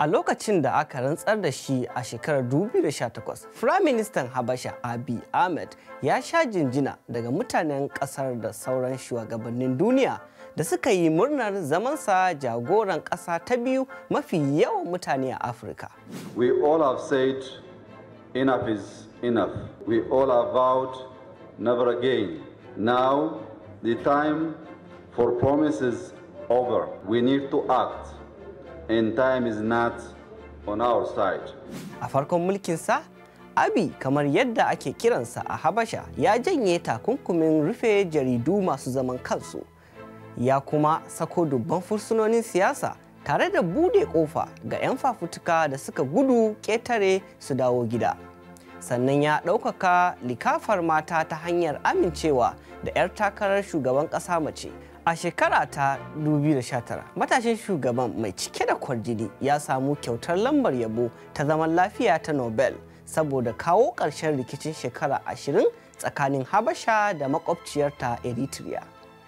A lokacin da aka rantsar da shi a shekarar 2018, Firaministan Habasha abi Ahmed ya sha jinjina daga mutanen ƙasar da sauran shugabannin duniya da suka yi murnar zamansa jagoran ƙasa ta biyu mafi yawan mutane a Afirka. We all have said enough is enough. We all have vowed never again. Now the time for promises over. We need to act. and time is not on our side. A farkon mulkin sa Abi kamar yadda ake kiransa a Habasha ya janye takunkumin rufe jaridu masu zaman kansu. Ya kuma sako dubban fursunonin siyasa tare da bude kofa ga 'yan fafutuka da suka gudu ƙetare su dawo gida. Sannan ya ɗaukaka likafar mata ta hanyar amincewa da 'yar takarar shugaban ƙasa mace A shekara ta 2019, matashin shugaban mai cike da kwarjini ya samu kyautar lambar yabo ta zaman lafiya ta Nobel saboda kawo ƙarshen rikicin shekara ashirin tsakanin Habasha da makwabciyarta Eritrea.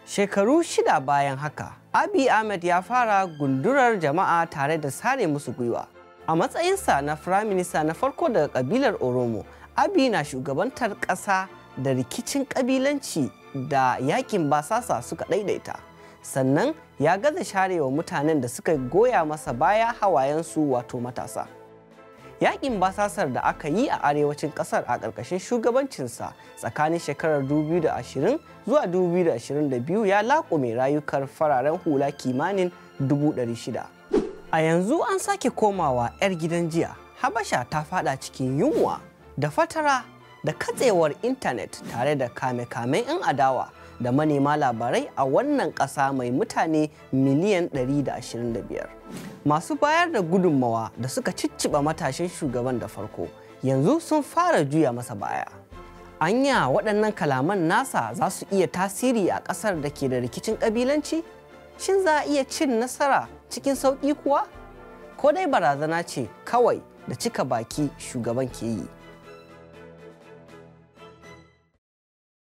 Shekaru shida bayan haka, Abiy Ahmed ya fara gundurar jama'a tare da sare musu gwiwa. A matsayinsa na firaminista na farko daga ƙabilar Oromo, Abiy na shugabantar ƙasa da rikicin ƙabilanci da yakin basasa suka ɗaiɗaita sannan ya gaza sharewa mutanen da suka goya masa baya hawayensu wato matasa yakin basasar da aka yi a arewacin kasar a ƙarƙashin shugabancinsa tsakanin shekarar 2020 zuwa 2022 ya laƙume rayukar fararen hula kimanin 600 a yanzu an sake komawa 'yar gidan jiya habasha ta fada cikin yunwa da fatara da katsewar intanet tare da kame-kamen 'yan adawa da manema labarai a wannan ƙasa mai mutane miliyan 125 masu bayar da gudunmawa da suka cicciba matashin shugaban da farko yanzu sun fara juya masa baya anya waɗannan kalaman nasa za su iya tasiri a ƙasar da ke da rikicin ƙabilanci shin za a iya cin nasara cikin sauƙi kuwa ko dai barazana ce kawai da cika baki shugaban ke yi